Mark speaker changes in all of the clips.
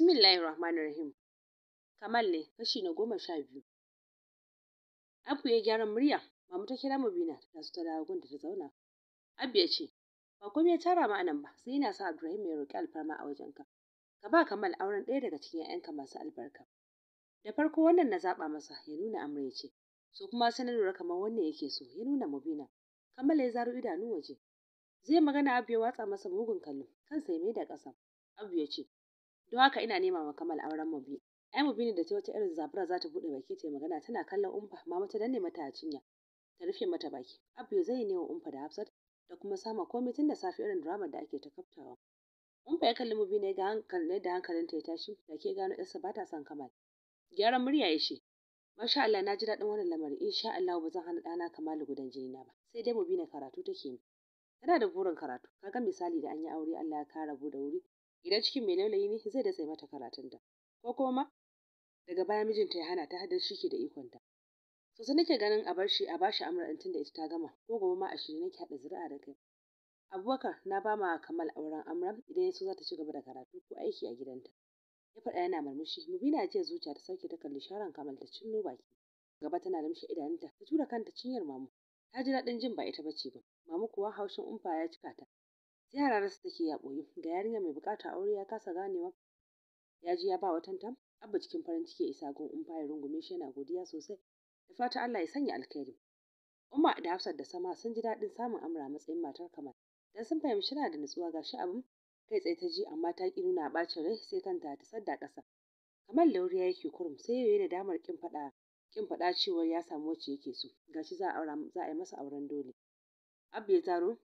Speaker 1: Bismillahir Rahmanir Rahim. Kamal ne, kashi na goma sha biyu. Abu ya gyara murya, mamu ta kira Mubina ta su ta dawo gunta ta zauna. Abu ya ce, ba komai ya tara ma anan ba, sai yana sa Ibrahim ya roƙi alfarma a wajen Ka Ka ba Kamal auren ɗaya daga cikin 'ya'yanka masu albarka. Da farko wannan na zaɓa masa ya nuna Amra ya ce, so kuma sanarwar na lura kamar wannan yake so ya nuna Mubina. Kamal ya zaro idanu waje. Zai magana Abu ya watsa masa mugun kallo, kansa ya mai da ƙasa. Abu ya ce, don haka ina nema ma kamal auren mu biyu ai mu da ta wata irin zabura za ta buɗe baki ta magana tana kallon umfa mama mata danne mata a cinya ta rufe mata baki abu zai ne wa umfa da hafsat da kuma sama komai tun da safe irin drama da ake ta kaftawa umfa ya kalli mu biyu bini ga hankalin da hankalin ta ya tashi da ke gano yarsa ba ta son kamal gyaran murya ya ce masha Allah na ji daɗin wannan lamarin insha Allah ba zan hana ɗana kamalu gudan jini na ba sai dai mu bina karatu take yi tana da burin karatu Ka ga misali da an yi aure Allah ya kara da wuri idan cikin mai laulayi ne zai datse mata karatunta ko kuma daga baya mijinta ya hana ta hada shi ke da ikonta sosai nake ganin a bar shi a bashi amra tun da ita ta gama ko gobe ma a shirye nake haɗa zuri'a da kai abubakar na ba ma kamal auren amra idan ya so za ta ci gaba da karatu ko aiki a gidanta ya faɗa yana murmushi na jiya zuciya ta sauke ta kalli sharan kamal ta cinno baki gaba tana limshe idanunta ta tura kanta cinyar mamu ta ji daɗin jin ba ita bace ba mamu kuwa haushin umfa ya cika ta yara hararsa take ya ɓoye ga yarinya mai bukata aure ya kasa ganewa ya ji ya ba watan tam abba cikin farin ciki isa gun umfaye, ya rungume shi yana godiya sosai da fata Allah ya sanya alkhairi umma da hafsat da sama sun ji daɗin samun amra matsayin matar kamar dan sun fahimci tana da nutsuwa ga shi abin kai tsaye ta ji amma ta ki nuna bacin rai sai kanta ta sadda kasa kamar lauriya yake kurum sai yayi da damar kin faɗa kin fada cewar ya samu wacce yake so gashi za a aura za a yi masa auren dole abba ya zaro.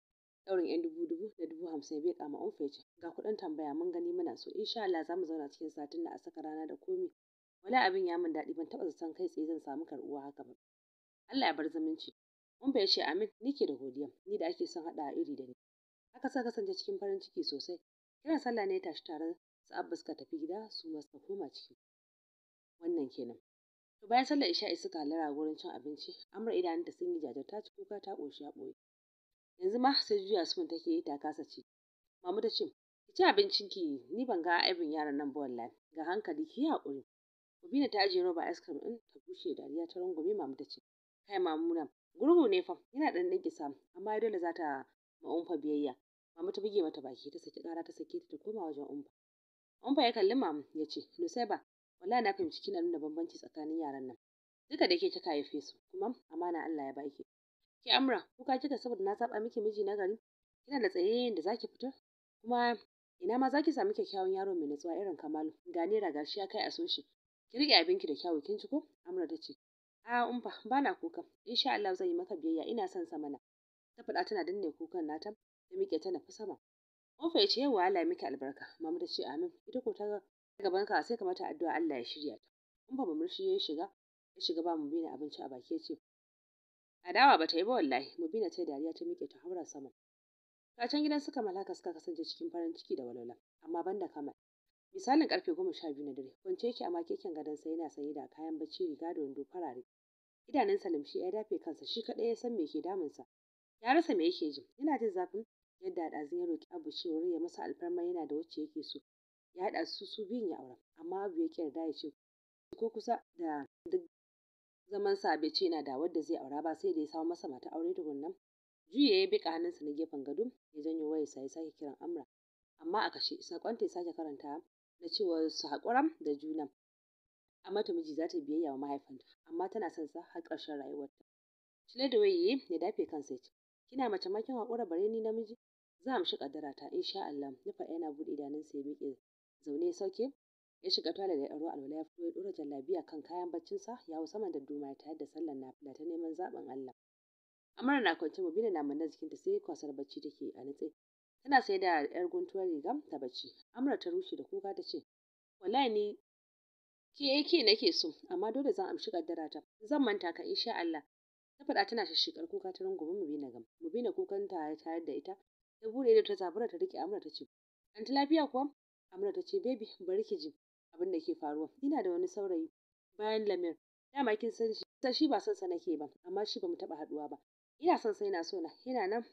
Speaker 1: ɗaurin yan dubu dubu da dubu hamsin bai kama on ga kuɗin tambaya mun gani muna so insha Allah za mu zauna cikin satin na a saka rana da komi Wani abin ya min daɗi ban taɓa zaton kai tsaye zan samu karɓuwa haka ba Allah ya bar zumunci mun bai ce amin nike da godiya ni da ake son haɗa iri da ni haka suka kasance cikin farin ciki sosai kiran sallah ne ya tashi tare su abba suka tafi gida su ma suka koma ciki wannan kenan to bayan sallar isha'i suka halara wurin cin abinci idanun idanunta sun yi jajir ta ci kuka ta ƙoshi ya ɓoye yanzu ma sai juya spoon take yi ta kasa ci mamu ta ce ki ci abincin ki ni ban ga aibin yaran nan ba wallahi ga hankali ki haƙuri Mubina ta ajiye roba ice cream din ta bushe dariya ta rungume mamu ta ce kai mamu mamuna gurgu ne fa yana dan dinki sam amma dole za ta ma biyayya mamu ta buge mata baki ta saki ƙara ta saki ta koma wajen umfa umfa ya kalli mamu ya ce nusaiba wallahi na fahimci kina nuna bambanci tsakanin yaran nan duka da ke kika haife su kuma amana Allah ya baki Ki Amra, kuka kika saboda na zaba miki miji na gari? Kina da tsayayyen da zaki fito Kuma ina ma zaki samu kyakkyawan yaro mai natsuwa irin Kamalu? Ga raga gashi ya kai a soshi. Ki rike abinki da kyawu kin ci ko? Amra ta ce. A umfa bana kuka. Insha Allah zan yi maka biyayya ina son sa mana. Ta faɗa tana danne kukan nata ta miƙe ta nafi sama. Kofa ya ce yawa Allah ya miki albarka. Mama ta ce amin. Ita ko ta gaban ka sai kamata addu'a Allah ya shirya ta. Umfa murmushi ya shiga ya shiga ba mu bina abinci a baki ya ce Adawa ba ta yi ba wallahi, Mubina ta dariya ta miƙe ta haura sama. Kacan gidan suka malaka suka kasance cikin farin ciki da walwala, amma banda Kamal. Misalin karfe goma sha biyu na dare, kwance yake a makekin gadon sa yana sanye da kayan bacci riga da wando farare. sa limshi ya dafe kansa shi kaɗai ya san me ke damunsa. Ya rasa me yake ji, yana jin zafin yadda ɗazun ya roki Abu cewar ya masa alfarma yana da wacce yake so. Ya haɗa su su biyun ya aura, amma Abu ya yarda ya ce ko kusa da duk zaman sa bai ce yana da wadda zai aura ba sai da ya samu masa mata aure tukunna juya ya bika hannunsa na gefen gado ya janyo wayarsa ya sake kiran amra amma a kashe sakonta ya sake karanta na cewa su haƙuran da juna amma ta miji za ta biyayya wa mahaifinta amma tana son sa har ƙarshen rayuwarta cile da waye ya dafe kansa ya ce kina mace ma kin haƙura bare ni namiji za mu shi kaddara ta insha Allah ya faɗa yana buɗe idanunsa ya miƙe zaune ya sauke ya shiga toilet ya ɗauro alwala ya fito ya ɗora jallabiya kan kayan baccinsa ya hau saman dadduma ya tayar da sallar nafila ta neman zaɓin Allah Amara na kwance mobila na manna jikinta sai kwasar bacci take a nutse tana sai da yar guntuwar riga ta bacci Amara ta rushe da kuka ta ce wallahi ni ke yake nake so amma dole zan amshi kaddara ta zan manta ka insha Allah ta faɗa tana shishikar kuka ta rungumi Mubina gam Mubina kukan ta ya tayar da ita ta bude da ta zabura ta rike Amara ta ce lafiya kuwa Amara ta ce baby bari ki ji abin da ke faruwa ina da wani saurayi bayan lamir dama kin san shi shi ba son sa nake ba amma shi bamu taba haduwa ba ina son sa yana so na yana nan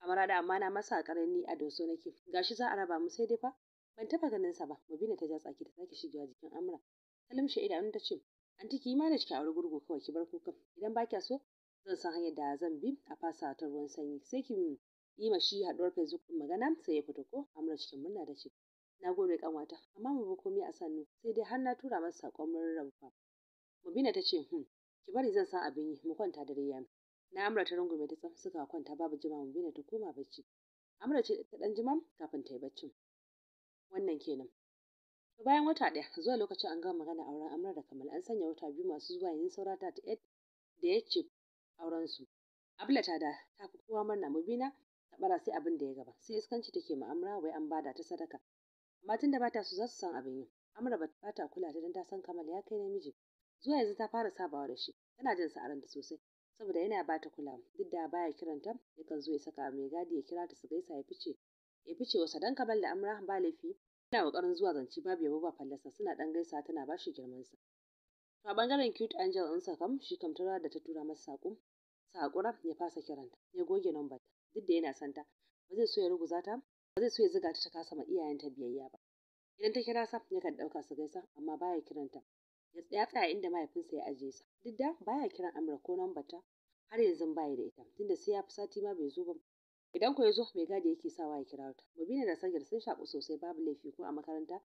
Speaker 1: a marada amma na masa karani a doso nake gashi za a raba mu sai dai fa ban taba ganin sa ba ne ta ja tsaki ta sake shigewa jikin amra ta limshe idanun ta ce anti ki ma da ki aure gurgu kawai ki bar kukan idan ba ki so zan san hanyar da zan bi a fasa ta ruwan sanyi sai ki yi ma shi haduwar facebook magana sai ya fito ko amra cikin murna da ce na gode kanwata amma mu bi komai a sannu sai dai har na tura masa sakon murnar fa mubina ta ce hmm ki bari zan san abin yi mu kwanta da ya na amra ta rungume ta tsaf suka kwanta babu jima mubina ta koma bacci amra ce ta dan jima kafin ta yi baccin wannan kenan to bayan wata ɗaya zuwa lokacin an gama magana auren amra da kamal an sanya wata biyu masu zuwa yin saura ta da ya ce auren su abla ta da ta fi kowa murna mubina ta bara sai abin da ya gaba sai iskanci take amra wai an bada ta sadaka amma da bata su so za su san abin yi amra ba ta kula ta dan ta san kamal ya kai namiji zuwa yanzu ta fara sabawa da shi tana jin sa'aran da sosai saboda yana ba ta kula duk da baya kiranta yakan zo ya saka mai gadi ya kira ta su gaisa ya fice ya fice wasa dan kamal da amra ba laifi yana kokarin zuwa zance babu yabo ba fallasa suna dan gaisa tana ba shi girman sa to a bangaren cute angel in sa kam shi kam da ta tura masa sako sakura ya fasa kiranta ya goge number duk da yana santa ba zai so ya ruguza ta zai so ya zuga ta ta kasa ma iyayenta biyayya ba idan ta kira sa yakan ɗauka su gaisa amma baya kiranta ya tsaya tsaya inda mahaifinsa ya ajiye sa duk da baya kiran amra ko nambata har yanzu baya da ita tunda sai ya fi sati ma bai zo ba idan ko ya zo mai gadi yake sawa ya kira ta mubina da sagir sun shaku sosai babu laifi ko a makaranta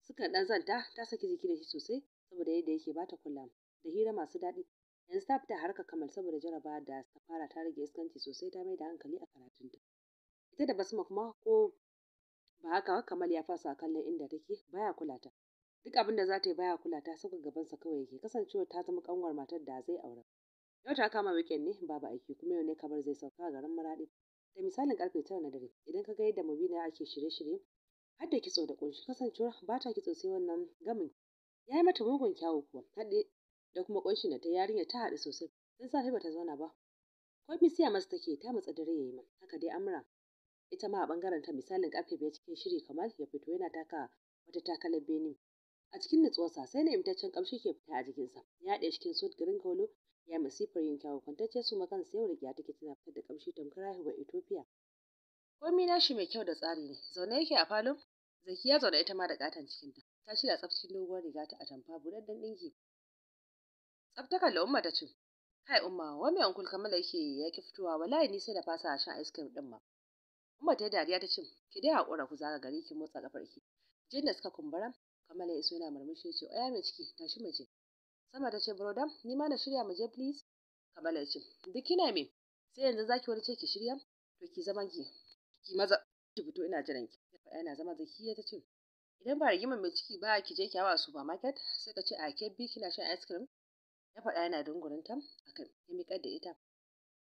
Speaker 1: suka ɗan zanta ta saki jiki da shi sosai saboda yadda yake bata kula da hira masu daɗi yanzu ta fita harka kamal saboda jarabawa da ta ta rage iskanci sosai ta mai da hankali a karatunta Sai da basma kuma ko ba haka kamal ya fasa kallon inda take baya kula ta duk abin da za ta yi baya kula ta gabansa kawai yake kasancewa ta zama kanwar matar da zai aure. yau ta kama weekend ne babu aiki kuma yau ne kamar zai sauka garin maradi da misalin karfe tara na dare idan ka ga yadda mabina ake shirye-shirye har da kitso da kunshi kasancewa ba ta kitso sai wannan gamin ya yi mata mugun kyawu kuwa haɗe da kuma kunshi na ta yarinya ta haɗu sosai don safe ba ta zauna ba ko misiya masa take ta matsa dare yi ma haka dai amura ita ma a bangaren ta misalin karfe biyar cikin shiri kamal ya fito yana taka wata takalar beni a cikin nutsuwarsa sai na imtaccen kamshi ke fita a jikinsa ya ɗaya cikin sud garin golo ya masifar yin kyawun kwantacce su makan sai wani ya take tana fitar da kamshi tamkar haihuwar ethiopia komi na shi mai kyau da tsari ne zaune yake a falon zakiya zaune ita ma da katon cikinta ta shirya tsaf cikin doguwar riga ta atamfa budadden ɗinki tsaftakar da umma ta ce kai umma wai mai kamala yake ya ki fitowa wallahi ni sai da fasa shan ice cream din ma Umma ta yi dariya ta ce, ki dai haƙura ku zaga gari ki motsa ki. Jin da suka kumbura, Kamala ya so yana murmushi ya ce, oya mai ciki, tashi mu je. Sama ta ce, broda, ni ma na shirya mu je please. Kamala ya ce, duk kina me? Sai yanzu za ki wani ce ki shirya? To ki zama ki, ki maza ki fito ina jiran ki. Ya faɗa yana zama ya ta ce, idan ba rigimar mai ciki ba ki je ki hawa supermarket sai ka ce a ke bi kina shan ice cream. Ya faɗa yana dungurinta a kan ya miƙar da ita.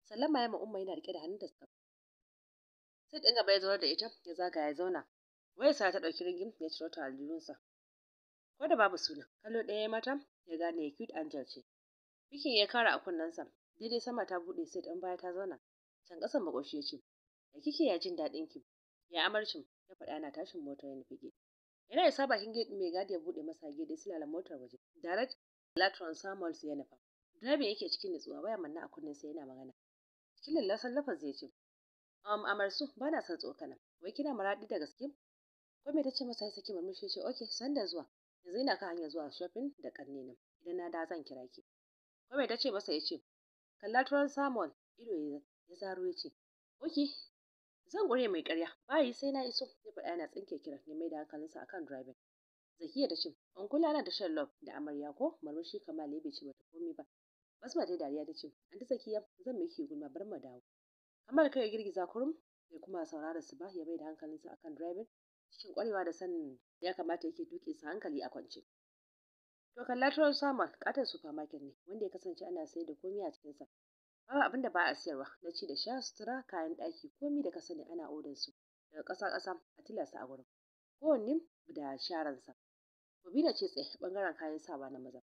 Speaker 1: Sallama ya ma umma yana riƙe da hannun ta sai ɗan gaba ya zaunar da ita ya zaga ya zauna wai sa ta ɗauki ringin ya ciro ta aljihunsa ko da babu suna kallo ɗaya mata ya gane ya cute angel ce bikin ya kara a kunnensa daidai sama ta buɗe sai ɗan baya ta zauna can ƙasan makoshi ya ce da kike ya jin daɗin ki ya amarcin ya faɗa yana tashin motar ya nufi yana isa bakin gate mai gadi ya buɗe masa gidi silala motar waje direct latron samuels ya nufa direban yake cikin nutsuwa waya manna a kunnen sa yana magana cikin lallasan lafaz ya ce um amarsu ba na son tsokana wai kina maraɗi da gaske ko me tace masa ya saki murmushi ce okay san da zuwa yanzu ina kan hanya zuwa shopping da kannina idan na da zan kira ki ko me tace masa yace ce kalla turan samuel ido ya zaro yace ce okay zan gure mai ƙarya bayi sai na iso ya faɗa yana tsinke kiran ya mai da hankalinsa akan driving zakiya ta ce an kula na da shan love da amarya ko murmushi kamal ya bai ce mata komai ba basma dai dariya ta ce anti zakiya zan miki gulma bar mu dawo Kamal kai ya girgiza kurum bai kuma saurara su ba ya bai da hankalinsa akan driving cikin kwarewa da sanin ya kamata yake tuƙe sa hankali a kwance. To lateral summer katon supermarket ne wanda ya kasance ana sayar da komai a cikin cikinsa. Babu abin da ba a siyarwa na ci da sha sutura kayan daki, komai da kasani ana odar su daga kasa kasa a tilasta a wurin. Kowanne da sharansa. da ce tsaye bangaren kayan sawa na maza.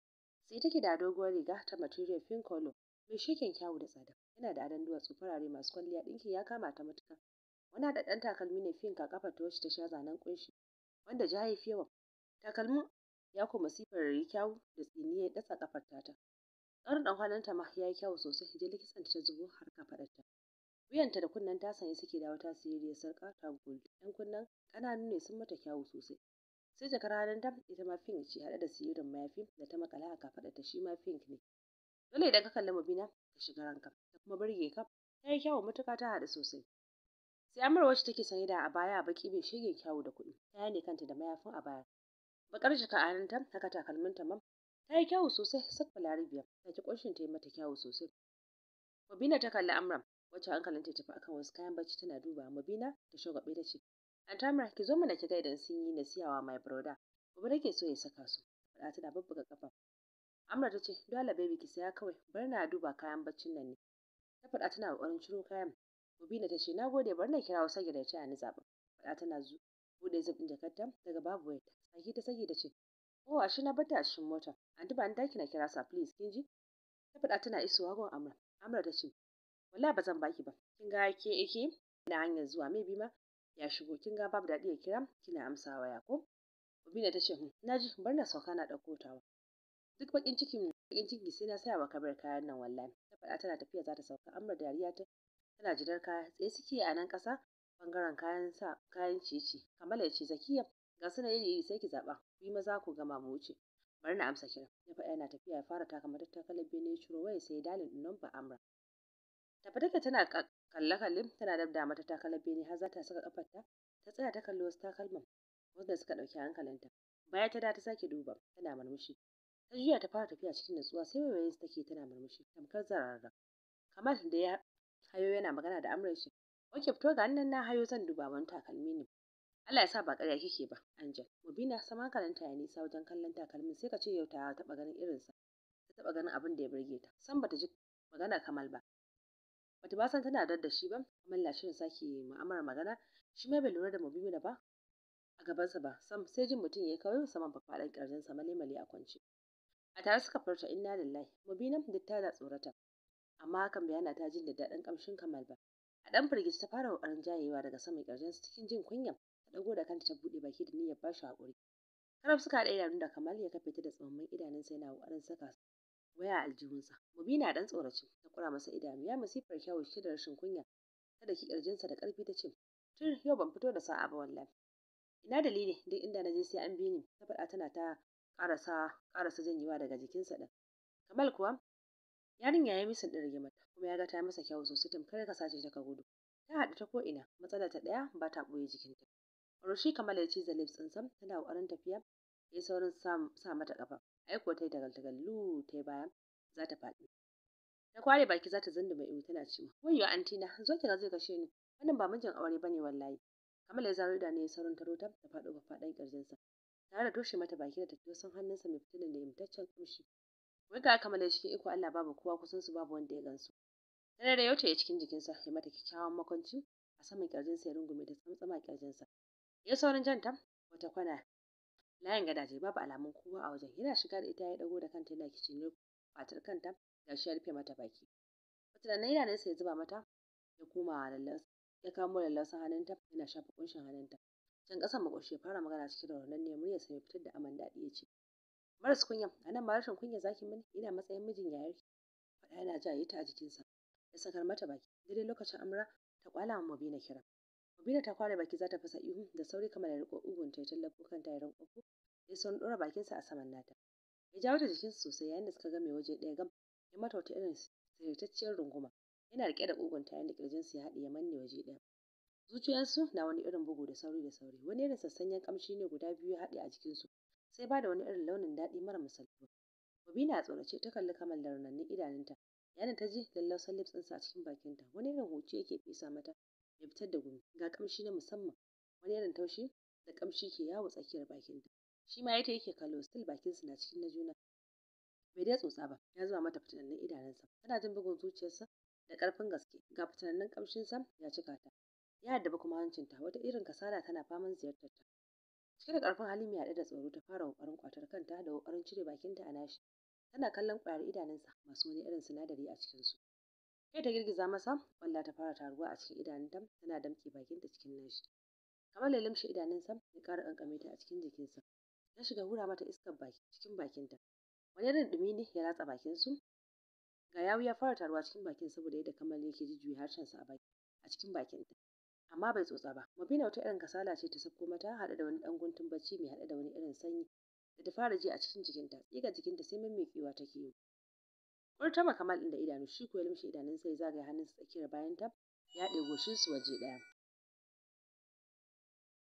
Speaker 1: Sai take da doguwar riga ta material pink color mai shekin kyawu da tsada yana da adon duwatsu farare masu kwalliya ɗinkin ya kama ta matuka wani haɗaɗɗen takalmi ne ka a ta wacce ta sha zanen ƙunshi. wanda ja ya fi yawa takalmin ya kuma sifar kyawu da tsini ya datsa kafar tata Ɗaurin kwananta ma ya yi kyau sosai, jeli likitan ta zubo har kafaɗarta. Wuyanta da kunnen ta sanya suke dawo tasiri da sarƙa ta gold. ‘Yan kunnen ƙananu ne sun mata kyawu sosai. Sai jakar hannun ta ita ma pink ce haɗe da siririn mayafi da ta makala a kafaɗarta shi ma pink ne. dole idan ka kalli mabina ka shiga ranka ta kuma burge ka ta yi kyawu matuƙa ta haɗu sosai sai amar wacce take sanye da abaya a baki bai shege kyawu da kuɗi ta yane kanta da mayafin abaya bakar Baƙar a hannunta haka takalminta mam ta yi kyawu sosai sak larabiya ta ki ƙunshin ta yi mata kyawu sosai mabina ta kalli amram wacce hankalin ta tafi akan wasu kayan bacci tana duba mabina ta shagabe ta ce antamra ki zo mana ki ga idan sun yi nasiyawa my brother gobe nake so ya saka su faɗa tana babbaga kafa Amma ta ce, "Dole baby ki saya kawai, bari na duba kayan baccin nan ne." Ta faɗa tana ƙoƙarin ciro kayan. Mubina ta ce, "Na gode, bari na kirawo saboda ya a ni zaɓa." Faɗa tana zu buɗe zip jakarta daga babu wayarta. Saki ta saki da ce, "Oh, shi na bata a cikin mota. An ba ni daki na kira sa please, kin ji?" Ta faɗa tana isowa gon Amra. Amra ta ce, wala ba zan baki ba. Kin ga ke yake ina hanyar zuwa mai ma ya shigo kin ga babu daɗi ya kira kina amsawa ya? ko?" Mubina ta ce, hmm, "Na ji, bari na sauka na ɗauko tawa." duk bakin cikin bakin ciki sai na saya wa kabar kayan nan wallahi ta faɗa tana tafiya za ta sauka amma dariya ta tana jidar kaya tsaye suke a nan kasa bangaren kayan sa kayan cici kamala ce zakiya ga suna iri sai ki zaba ni ma maza ku gama mu wuce bari na amsa kira ya faɗa yana tafiya ya fara taka mata takalar bene ya waya sai dalin ɗin nan ba amra fada ta tana kalle kalle tana dabda mata takalar bene har za ta saka kafarta ta tsaya ta kalli wasu takalman wanda suka ɗauki hankalinta baya ta da ta sake duba tana murmushi ta ta fara tafiya cikin natsuwa sai waiwaye su take tana murmushi tamkar zararra kamal da ya hayo yana magana da amran shi oke fito ga nan na hayo zan duba wani takalmi ne Allah ya sa ba ƙarya kike ba Angel Mubina sama karanta ya nisa wajen kallon takalmin sai ka ce yau ta taɓa ganin irinsa ta taɓa ganin abin da ya burge ta san bata ji magana kamal ba bata ba san tana da shi ba kamal na shirin sake mu'amalar magana shi ma bai lura da Mubina ba a gabansa ba sam sai jin mutum ya kawai saman fafaɗan ƙirjinsa male-male a kwance a tare suka furta inna lillahi mubina duk tana tsorata amma hakan bai ta jin da daɗin ƙamshin kamal ba a ɗan firgici ta fara ƙoƙarin jayewa daga saman ƙirjinsa cikin jin kunyan a ɗago da kanta ta buɗe baki da niyyar bashi haƙuri Karam suka haɗa idanu da Kamal ya kafe ta da tsammin idanunsa yana ƙoƙarin saka waya a aljihunsa. Mubina dan tsoraci, ta kura masa idanu ya masifar kyawu shi da rashin kunya ta daki ƙirjinsa da ƙarfi ta ce tun yau ban fito da sa'a ba wallahi. Ina dalili duk inda na je sai an bi ta faɗa tana ta ƙarasa ƙarasa janyewa daga jikinsa ɗin kamal kuwa yarinya ya misa ɗin mata kuma ya ga ta masa kyau sosai tamkar ka sace ta ka gudu ta haɗu ta ko'ina matsalar ta ɗaya ba ta ɓoye jikinta rushi kamal ya ci zalif tsintsam tana ƙoƙarin tafiya ya yi saurin sa mata ƙafa aiko ta yi tagaltagallu ta baya za ta faɗi ta kware baki za ta zunduma ihu tana cewa wayyo antina zo ki ga zai kashe ni wannan ba mijin aure bane wallahi kamal ya zaro idan ya saurin taro ta ta faɗo faɗan ƙirjinsa tare da toshe mata baki da sun hannunsa mai fitar da limtaccen kamshi wanda aka mana cikin iko Allah babu kowa kusan su babu wanda ya gansu tare da yauce cikin jikinsa ya mata kyakkyawan makwanci a saman sa ya rungume da tsantsama sa ya saurin janta wata kwana layin gadaje babu alamun kowa a wajen yana shiga da ita ya dago da kanta yana kicin fatar kanta ga shi ya rufe mata baki tunanin idanunsa ya zuba mata ya koma lallas ya kamo lallausan hannunta yana shafa kunshin hannunta Can ƙasan maƙoshi ya fara magana cikin ne muryarsa mai fitar da aman daɗi ya ce, Maras kunya, a nan ma rashin kunya zaki mini, ina matsayin mijin yayarki. Faɗa yana yi ta a jikinsa, ya sakar mata baki. Daidai lokacin Amra ta kwala wa Mubina kira. Mubina ta kware baki za ta fasa ihu da sauri kamar da riƙo ugun ta ya tallafo kanta ya rinƙofo, ya son ɗora bakinsa a saman nata. Ya jawo ta jikinsa sosai yayin da suka game waje ɗaya gam, ya mata wata irin sirritacciyar runguma. Yana riƙe da ƙugunta yayin da ƙirjinsa ya haɗe ya manne waje ɗaya. zuciyarsu na wani irin bugu da sauri da sauri wani irin sassanyen kamshi ne guda biyu ya haɗe a jikinsu sai ba da wani irin launin daɗi mara misaltuwa Bobi na tsorace ta kalli kamar da raunannin idanunta yana ta ji lallausan lips ɗinsa a cikin bakinta wani irin huci yake fesa mata ya fitar da gumi ga kamshi na musamman wani irin taushi da kamshi ke yawo tsakiyar bakinta shi ma ita yake kallo still bakinsu na cikin na juna bai dai tsotsa ba ya zama mata fitanannun idanunsa tana jin bugun zuciyarsa da ƙarfin gaske ga fitanannun kamshinsa ya cika ta ya haddaba kuma hancinta wata irin kasala tana faman ziyartarta ta. da karfin hali mai haɗe da tsoro ta fara ƙoƙarin kwatar kanta da ƙoƙarin cire bakinta a nashi tana kallon kwayar idanunsa masu wani irin sinadari a cikinsu kai ta girgiza masa ƙwalla ta fara taruwa a cikin idanunta tana damƙe bakinta cikin nashi kamar ya limshe idanunsa ya ƙara ƙanƙame ta a cikin jikinsa ta shiga hura mata iskar baki cikin bakinta wani irin dumi ne ya ratsa bakinsu ga yawu ya fara taruwa cikin bakin saboda yadda kamal yake jujjuya harshensa a cikin bakinta amma bai tsotsa ba mabina wata irin kasala ce ta sabko mata haɗe da wani ɗan guntun bacci mai haɗe da wani irin sanyi da ta fara ji a cikin jikinta tsiga jikinta sai ta take yi furtama kamal inda idanu shi ko ya lumshe idanun sai zagaya hannunsa tsakiyar bayanta ya ɗebo shi su waje ɗaya